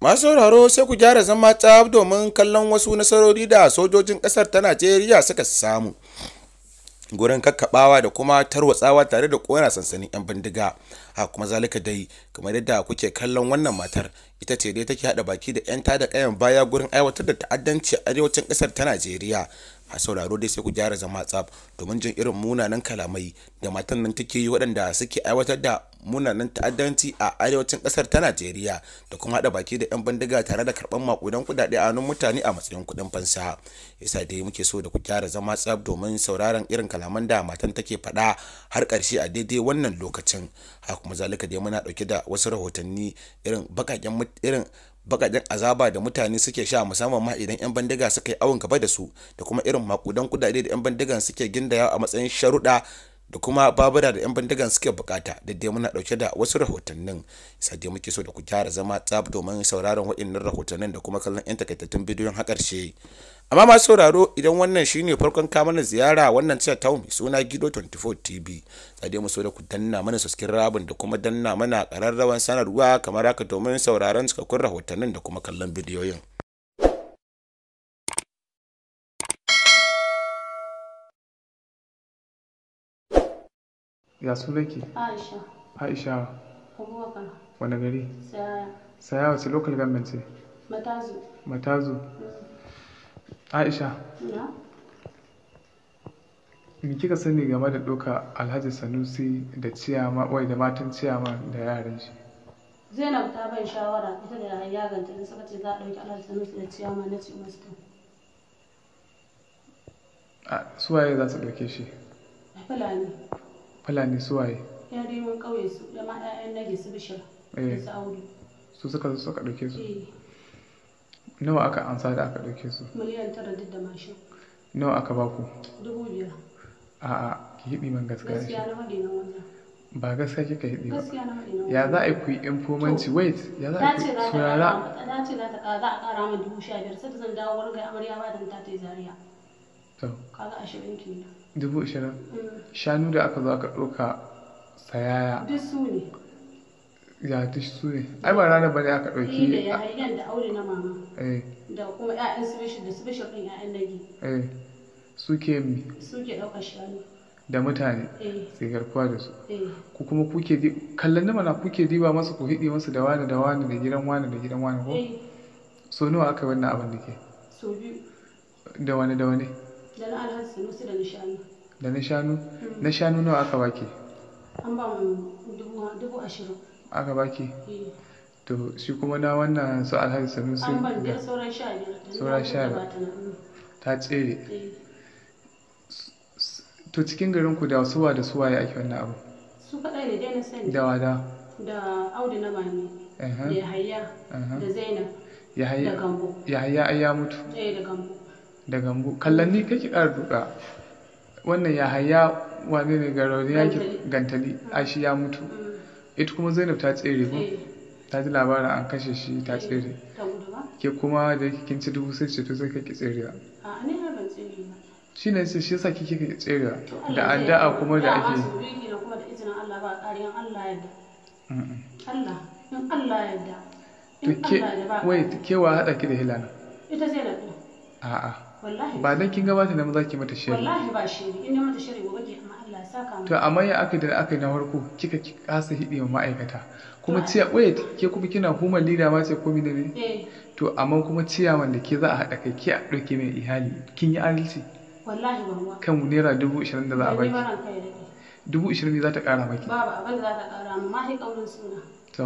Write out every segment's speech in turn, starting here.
masu sauraro sai ku gyara zama tsab domin kallon wasu nasarori da sojojin kasar ta najeriya suka samu gurin kakkabawa da kuma tarwatsawa tare da kona sansanin 'yan bindiga ha kuma zalika dai kamar yadda kuke kallon wannan matar ita ce dai take hada baki da 'yan tada kayan baya gurin aiwatar da ta'addanci a arewacin kasar ta najeriya a sauraro dai sai ku gyara zama tsaf domin jin irin munanan kalamai da matan nan take yi waɗanda suke aiwatar da munanan ta'addanci a arewacin ƙasar ta Najeriya da kuma haɗa baki da 'yan bandiga tare da karɓar makudan kuɗaɗe a hannun mutane a matsayin kuɗin fansa yasa dai muke so da ku gyara zama tsaf domin sauraron irin kalaman da matan take faɗa har ƙarshe a daidai wannan lokacin haka kuma zalika dai muna ɗauke da wasu rahotanni irin bakaƙen irin bakadin azaba da mutane suke sha musamman ma idan 'yan bandiga suka yi awon gaba da su da kuma irin makudan kudade da 'yan bandigan suke gindaya a matsayin sharuɗa da kuma babura da 'yan bindigan suke bukata da dai muna dauke da wasu rahotannin sai dai muke so da ku gyara zama tsab domin sauraron waɗannan rahotannin da kuma kallon 'yan takaitattun bidiyon har ƙarshe amma masu sauraro idan wannan shine farkon kamanin ziyara wannan cewa ta suna gido 24 tv sai dai so da ku danna mana suskin rabin da kuma danna mana ƙararrawan sanarwa kamar haka domin sauraron cikakkun rahotannin da kuma kallon bidiyoyin ya sunanki aisha aisha abubakar wani gari saya ce, local government ce matazu matazu mm. aisha me kika sani game da doka alhaji sanusi da ciyama wai da matan ciyama da yaran shi zainab ta ban shawara ita da yaganta da suka ce za a ɗauki alhaji sanusi da ciyama na ce masu suwaye za su ɗauke shi fulani fulani su waye ya dai mun ƙauye su da ma ƴaƴan nage su bishira eh. da su aure su suka zo suka ɗauke su eh. nawa aka ansa da aka ɗauke su miliyan tara duk da mashin nawa aka baku dubu biyar a'a ki hiɗi man gaskiya gaskiya na haɗe na wannan ba gaskiya kika yi ba Gaskiya na ya za a ku yi informanci wait ya za a ku saurara na ce za ta za a ƙara min dubu sha biyar sai ta zan dawo wurin gai amarya ba dan ta ta yi zariya dubu ashirin mm. shanu da aka zo aka ɗauka sayaya ya duk su ne ai ba ranar bane aka ɗauki da ya da aure na mama eh. da kuma ƴaƴan da ɗin ƴaƴan nagi eh suke mi suke ɗaukar shanu da mutane eh. sai garkuwa da su eh. ku kuma kuke kallon nima na kuke diba masu ku hidi masu da wani da wani da gidan wani da gidan wani ko so nawa aka wannan abin da ke so biyu da wani da wani da na da na shanu da na shanu hmm. na shanu nawa aka baki an ba mu dubu ashirin aka baki eh. to shi kuma na wannan su alhaji sanusi an ban da sauran sha biyar sauran sha biyar ta tsere eh. to cikin garin ku da suwa da suwaye ake wannan abu su kadai ne dai na sani da wada da audu na bani da yahaya da zainab yahaya ai ya mutu eh da gambo da gambo kallon ni kake ƙara duka wannan ya haya wane ne ga rauni ya ki gantali a shi ya mutu mm. ita kuma zainab ta tsere ko eh. ta ji labarin an kashe shi ta eh. tsere ke kuma da yake kin ci dubu sai ce to sai kake tserewa shi ne sai shi yasa kike kake tserewa da addu'a kuma da ake yi Allah in Allah ke in Allah ya wai kewa hada ki da hilana ita a'a ba dan kin gabata ne maza ki mata shiri wallahi ba shiri in dai mata shiri gobe ki amma Allah ya saka mu to amma ya aka da aka na farko kika ki kasa hidi ma ma'aikata kuma ciya wait ke kuma kina human leader ma ce ko mi ne eh to amma kuma ciya da ke za a hada kai ki a dauke mai ihali kin yi adalci wallahi ba kan naira dubu ishirin da za a baki dubu ishirin ne za ta kara maki babu abin da za ta kara ma sai kaurin suna to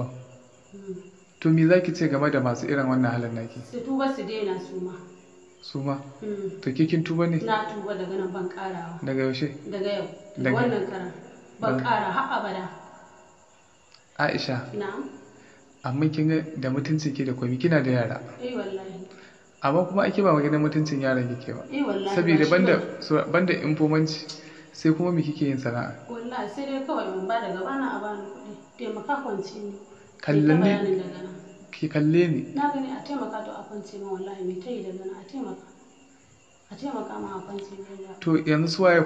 hmm. to me zaki ce game da masu irin wannan halin naki su tuba su daina su ma su ma mm. to ke kin tuba ne na tuba daga nan ban karawa daga yaushe daga yau daga wannan karan ban kara har abada Aisha na'am amma kin ga da mutunci ke da komai kina da yara eh wallahi amma kuma ake ba maganar mutuncin yaran kike ba eh wallahi saboda banda banda informanci sai kuma me kike yin sana'a wallahi sai dai kawai mun ba gaba na a bani kuɗi taimaka kwanci ne kallon ne ki kalle ni na gani a taimaka to a kwance wallahi me tayi daga nan a taimaka a taimaka ma a kwance min to yanzu suwaye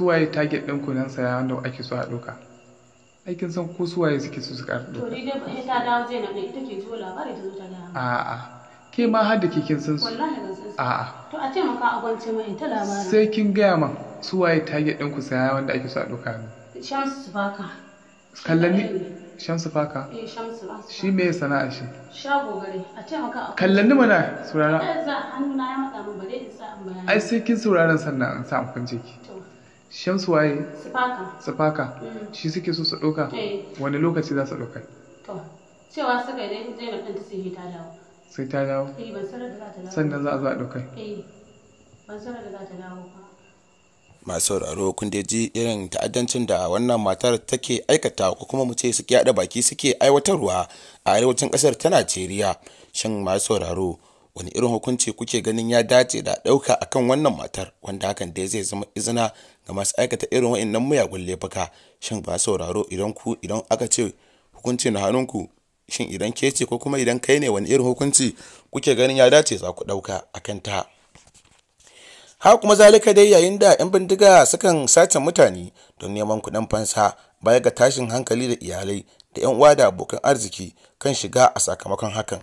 waye target din ku nan saya wanda ake so a doka aikin san ko suwaye suke so su ka doka to ni dai ba ta dawo zai nan ita ke zuwa labari ta zo ta dawo a'a ke ma har da ke kin san su wallahi ban san su a'a to a taimaka a kwance min ta labarin sai kin gaya ma suwaye target din ku saya wanda ake so a doka ne shamsu baka kallani Eh, shamsu faka shi me sana'a shi shago gare a ce maka kallon ni mana saurara ai sai kin sauraron sannan an sa kun ciki shamsu waye sufaka mm. shi suke so su ɗauka eh. wani lokaci za su ɗauka cewa suka yi zainab ɗin ta sai ta dawo sai eh, ta dawo sannan za a zo a ɗauka ban sanar da za ta dawo ba masu sauraro kun da ji irin ta'addancin da wannan matar take aikata ko kuma mu ce suke haɗa baki suke aiwatarwa a arewacin ƙasar ta najeriya shin masu sauraro wani irin hukunci kuke ganin ya dace da ɗauka akan wannan matar wanda hakan dai zai zama izina ga masu aikata irin wa'annan miyagun laifuka shin ba sauraro idan ku idan aka ce hukunci na hannunku shin idan ke ce ko kuma idan kai ne wani irin hukunci kuke ganin ya dace za ku ɗauka akan ta ha kuma zalika dai yayin da 'yan bindiga sukan sace mutane don neman kuɗin fansa baya ga tashin hankali da iyalai da 'yan uwa da abokan arziki kan shiga a sakamakon hakan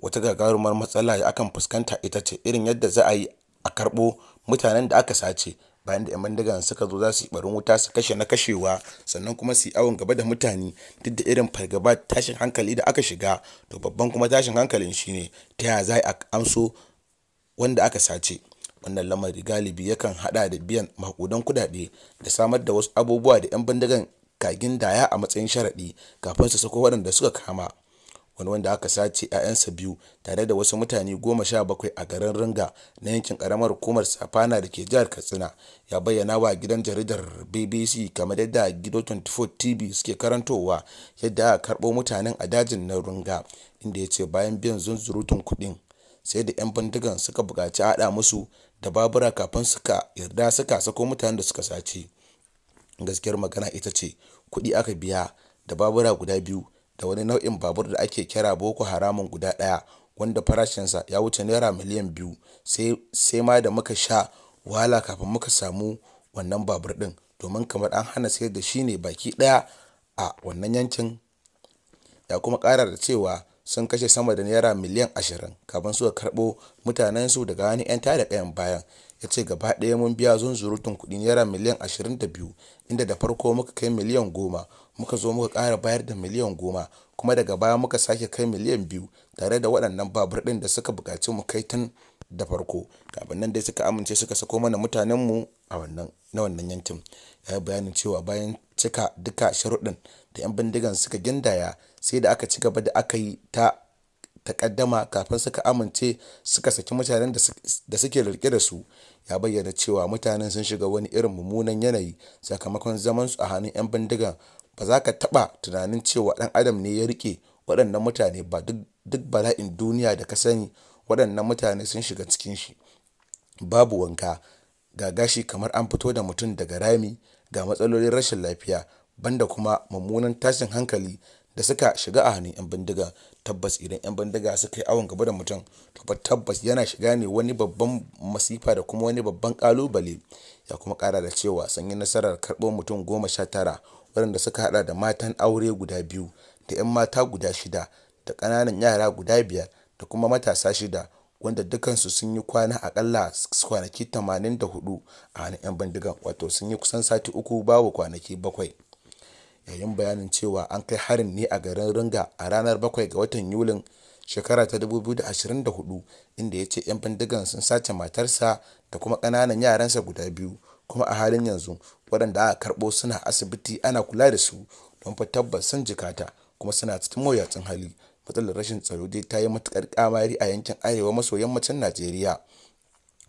wata gagarumar matsala ya akan fuskanta ita ce irin yadda za a yi a karɓo mutanen da aka sace bayan da 'yan bindigan suka zo za su yi barin wuta su kashe na kashewa sannan kuma su yi awon gaba da mutane duk da irin fargaba tashin hankali da aka shiga to babban kuma tashin hankalin shine ta yaya za a amso wanda aka sace wannan lamari galibi yakan hada da biyan makudan kudade da samar da wasu abubuwa da 'yan bindigan kagin daya a matsayin sharaɗi kafin su sako waɗanda suka kama wani wanda aka sace 'ya'yansa biyu tare da wasu mutane goma sha bakwai a garin ringa na yankin karamar hukumar safana da ke jihar katsina ya bayyana wa gidan jaridar bbc kamar yadda gido 24 tv suke karantowa yadda aka karbo mutanen a dajin na ringa inda ya ce bayan biyan zunzurutun kudin sai da 'yan bindigan suka buƙaci haɗa musu da babura kafin suka yarda suka sako mutanen da suka sace gaskiyar magana ita ce kuɗi aka biya da babura guda biyu da wani nau'in babur da ake kira boko haramun guda ɗaya wanda farashinsa ya wuce naira miliyan biyu sai ma da muka sha wahala kafin muka samu wannan babur ɗin domin kamar an hana sayar da shi ne baki ɗaya a wannan yankin ya kuma ƙara da cewa sun kashe sama da naira miliyan ashirin kafin suka karɓo mutanensu daga wani 'yan tada kayan bayan ya ce gaba ɗaya mun biya zunzurutun kuɗi naira miliyan ashirin da biyu inda da farko muka kai miliyan goma muka zo muka ƙara bayar da miliyan goma kuma daga baya muka sake kai miliyan biyu tare da waɗannan babur ɗin da suka buƙaci mu kai tun da farko kafin nan dai suka amince suka sako mana mutanenmu a wannan na wannan yankin ya yi bayanin cewa bayan cika duka sharuɗin da 'yan bindigan suka gindaya sai da aka ci gaba da aka yi ta takaddama kafin suka amince suka saki mutanen da suke rike da su ya bayyana cewa mutanen sun shiga wani irin mummunan yanayi sakamakon zaman su a hannun 'yan bindigan ba za ka taɓa tunanin cewa ɗan adam ne ya rike waɗannan mutane ba duk bala'in duniya da ka sani waɗannan mutane sun shiga cikin shi babu wanka ga gashi kamar an fito da mutum daga rami ga matsalolin rashin lafiya banda kuma mummunan tashin hankali da suka shiga a hannun 'yan bindiga tabbas idan 'yan bindiga suka yi awon gaba da mutum to tabbas yana shiga ne wani babban masifa da kuma wani babban kalubale ya kuma kara da cewa sun yi nasarar karɓo mutum goma sha tara waɗanda suka haɗa da matan aure guda biyu da 'yan mata guda shida da ƙananan yara guda biyar da kuma matasa shida wanda dukansu sun yi kwana akalla kwanaki tamanin da hudu a hannun 'yan bindigan wato sun yi kusan sati uku babu kwanaki bakwai yayin bayanin cewa an kai harin ne a garin Ringa a ranar 7 ga watan Yulin shekara ta 2024 inda ya ce 'yan bindigan sun sace matarsa da kuma ƙananan yaransa guda biyu kuma a halin yanzu waɗanda aka karɓo suna asibiti ana kula da su don fa tabbas sun jikata kuma suna cikin mawuyacin hali matsalar rashin tsaro dai ta yi matukar kamari a yankin arewa maso yammacin najeriya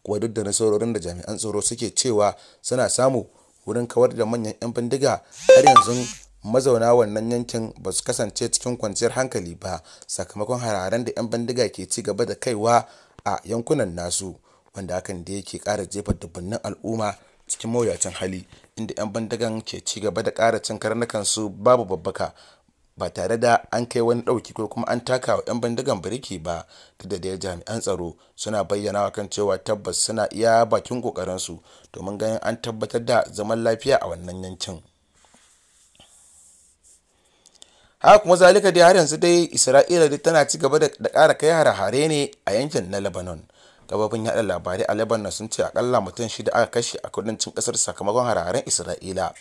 kuwa duk da nasarorin da jami'an tsaro suke cewa suna samu wurin kawar da manyan 'yan bindiga har yanzu mazauna wannan yankin ba su kasance cikin kwanciyar hankali ba sakamakon hararen da 'yan bindiga ke ci gaba da kaiwa a yankunan nasu wanda hakan da yake kara jefa dubbannin al'umma cikin mawuyacin hali inda 'yan bindigan ke ci gaba da kara cin su babu babbaka ba tare da an kai wani ɗauki ko kuma an taka wa 'yan bindigan biriki ba da da jami'an tsaro suna bayyana kan cewa tabbas suna iya bakin ƙoƙarinsu domin ganin an tabbatar da zaman lafiya a wannan yankin. haka kuma zalika dai har yanzu dai isra'ila dai tana ci gaba da kara kai hare-hare ne a yankin na lebanon gababin yaɗa labarai a lebanon sun ce akalla mutum shida aka kashe a kudancin ƙasar sakamakon hararen isra'ila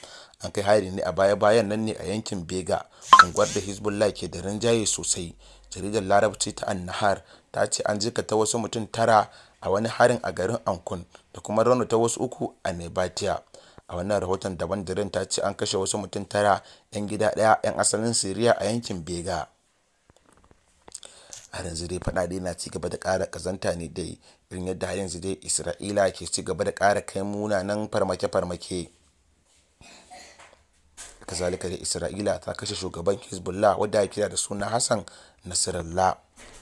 an kai hari ne a baya-bayan nan ne a yankin bega unguwar da hezbollah ke da rinjaye sosai jaridar larabci ta annahar ta ce an jika ta wasu mutum tara a wani harin a garin ankun da kuma ta wasu uku a nebatiya a wannan rahoton daban diren ta ce an kashe wasu mutum tara 'yan gida daya 'yan asalin siriya a yankin bega a yanzu dai na ci gaba da kara kazanta ne dai irin yadda yanzu dai isra'ila ke ci gaba da kara kai munanan farmake-farmake kazalika da isra'ila ta kashe shugaban hezbollah wadda ya kira da suna hassan nasrallah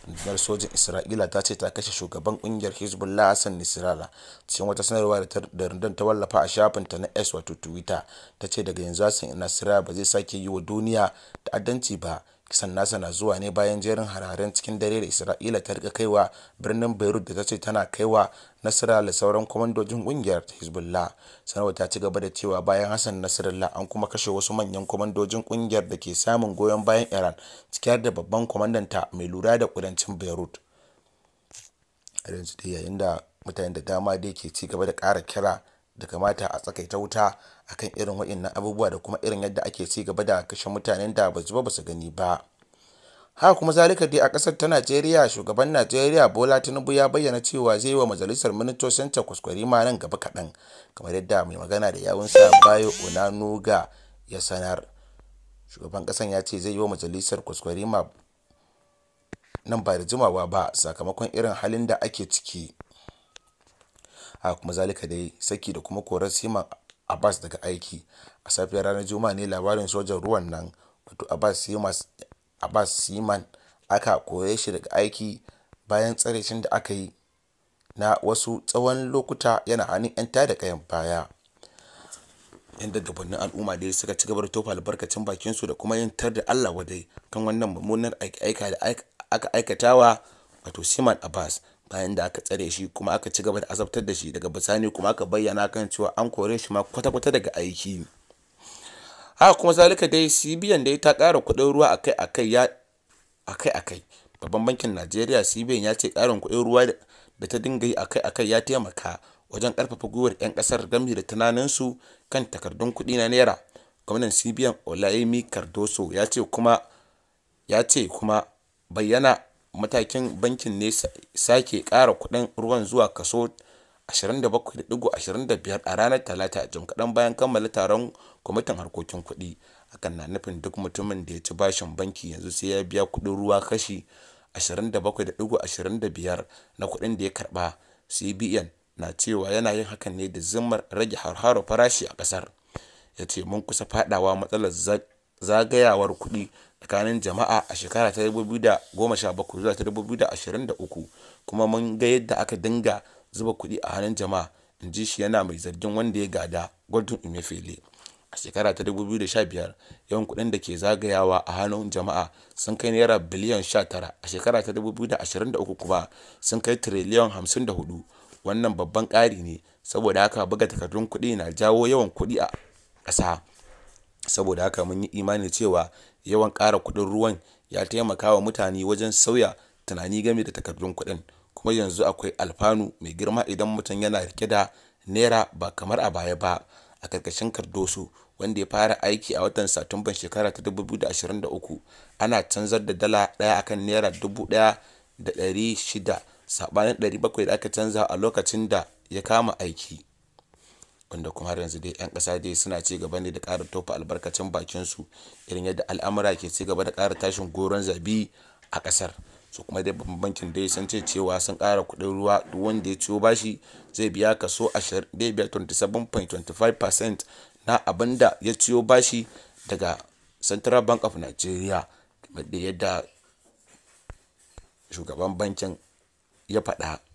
rundunar sojin isra'ila ta ce ta kashe shugaban kungiyar hezbollah hassan nasrallah cikin wata sanarwa da rundun ta wallafa a shafinta na s wato twitter ta ce daga yanzu hassan nasrallah ba zai sake yi wa duniya ta'addanci ba kisan nasa na zuwa ne bayan jerin hararen cikin dare da isra'ila ta rika kaiwa birnin beirut da ta ce tana kaiwa nasara da sauran kwamandojin kungiyar hezbollah sanarwa ta ci gaba da cewa bayan hassan nasarallah an kuma kashe wasu manyan kwamandojin kungiyar da ke samun goyon bayan iran ciki da babban kwamandanta mai lura da kudancin beirut yayin da mutane da dama dai ke ci gaba da kara kira da kamata a tsakaita wuta akan irin waɗannan abubuwa da kuma irin yadda ake ci gaba da kashe mutanen da ba zuba ba su gani ba Ha kuma zalika dai a ƙasar ta najeriya shugaban najeriya bola tinubu ya bayyana cewa zai yi wa majalisar ministocin ta kuskure ma nan gaba kaɗan kamar yadda mai magana da yawunsa bayo onanuga ya sanar shugaban ƙasan ya ce zai yi wa majalisar kuskure ma nan ba da jimawa ba sakamakon irin halin da ake ciki a kuma zalika dai saki da kuma korar siman Abbas daga aiki. A safiyar ranar Juma'a ne labarin sojan ruwan nan, wato Abbas siman aka koye shi daga aiki bayan tsare da aka yi na wasu tsawon lokuta yana hannun 'yan tada kayan baya. Yan gabanin al'umma dai suka ci gaba da tofa albarkacin bakinsu da kuma yin tar da Allah wadai kan wannan mummunar aika da aka aikatawa wato Siman Abbas. bayan da aka tsare shi kuma aka ci gaba da azabtar da shi daga bisani kuma aka bayyana kan cewa an kore shi ma kwata-kwata daga aiki haka kuma zalika dai cbn dai ta kara kuɗin ruwa akai-akai babban bankin najeriya cbn ya ce karin kuɗin ruwa da ta dinga yi akai-akai ya taimaka wajen karfafa gwiwar 'yan ƙasar gami da tunaninsu kan takardun kuɗi na naira gwamnan cbn olayemi cardoso ya ya ce kuma bayyana matakin bankin ne sake kara kudin ruwan zuwa kaso 27.25 a ranar Talata jim kaɗan bayan kammala taron Kwamitin Harkokin Kuɗi, hakan na nufin duk mutumin da ya ci bashin banki yanzu sai ya biya kuɗin ruwa kashi 27.25 na kuɗin da ya karɓa, CBN na cewa yana yin hakan ne da zimmar rage harharo farashi a ƙasar. Ya ce mun kusa faɗawa matsalar zagayawar kuɗi tsakanin jama'a a shekara ta 2017 zuwa ta 2023 kuma mun ga yadda aka dinga zuba kuɗi a hannun jama'a in ji shi yana mai zargin wanda ya gada gordon emefiele a shekara ta 2015 yawan kuɗin da ke zagayawa a hannun jama'a sun kai naira biliyan 19 a shekara ta 2023 kuma sun kai tiriliyan 54 wannan babban ƙari ne saboda haka buga takardun kuɗi na jawo yawan kuɗi a ƙasa saboda haka mun yi imani cewa yawan ƙara kuɗin ruwan ya taimaka wa mutane wajen sauya tunani game da takardun kuɗin kuma yanzu akwai alfanu mai girma idan mutum yana rike da naira ba kamar a baya ba a ƙarƙashin kardosu wanda ya fara aiki a watan satumban shekara ta 2023 ana canzar da dala ɗaya akan naira dubu shida saɓanin bakwai da aka canza a lokacin da ya kama aiki wanda kuma har yanzu dai 'yan ƙasa dai suna ci gaba ne da ƙara tofa albarkacin bakinsu irin yadda al'amura ke ci gaba da ƙara tashin goron zabi a ƙasar su kuma dai babban bankin dai sun ce cewa sun ƙara kuɗin ruwa duk wanda ya ciwo bashi zai biya kaso 27.25% na abin ya ciwo bashi daga central bank of nigeria da yadda shugaban bankin ya faɗa